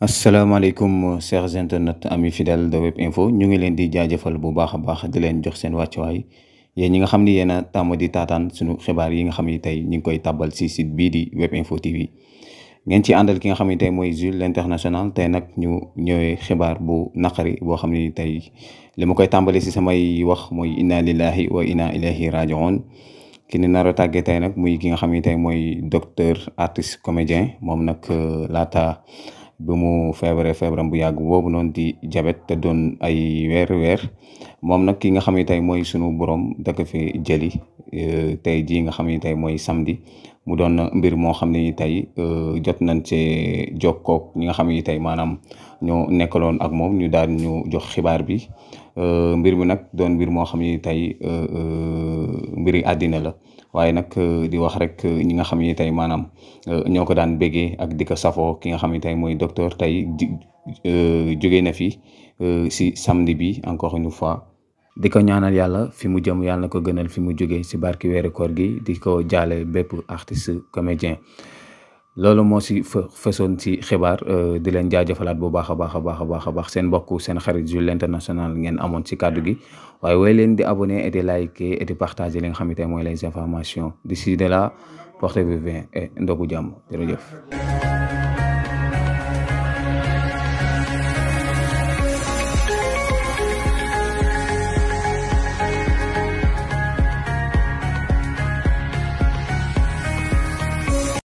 asalaamaaleykum chers internet amis fidèles de web info ñu ngi leen di jaajëfal bu baax a baax di leen jox seen wàccuwaay yéen ñi nga xam ni yéen a tàmm di taataan suñu xibaar yi nga xam ni tey ñu ngi koy tàbbal si site bii di web info tv ngeen ci àndal ki nga xam ni mooy Jules l'international nag ñu ñëwee xibaar bu naqari boo xam ni tey li ma koy tàmbale si samay wax mooy inna lillahi wa inna ilayhi rajiun ki ni nar a tàggee tey nag muy ki nga xam ni mooy docteur artiste comédien moom nag euh, laata bi mu feebaree feebaram bu yàgg boobu noonu di jabet te doon ay weer weer moom nag ki nga xam ne tey mooy sunu borom da ko fi jëli Euh, tey jii nga xam ne tey mooy samdi mu doon mbir moo xam ne ni tey euh, jot nañ se jokkook ñi nga xam ne tey maanaam ñoo nekkaloon ak moom ñu daal ñu jox xibaar bi euh, mbir mi nag doon mbir moo xam ni tey mbiri àddina la waaye nag di wax rek ñi nga xam ne tey maanaam ñoo ko daan bégee ak di ko ki nga xam ne tey mooy docteur tey jóge na fi si samedi bi encore une fois. di ko ñaanal yàlla fi mu jëm yàlla na ko gënal fi mu jóge si barki weeru koor gi di ko jaale bépp artiste comédien loolu moo si fësoon si xibaar euh, di leen jaajëfalaat bu baax a baax a baax a baax a baax seen mbokk seen xarit Jules l'international ngeen amoon si kàddu gi waaye way leen di abonné et di liker et di partager li nga xamante ne mooy les informations d'ici de la portez-vous bien et ndogu jàmm jërëjëf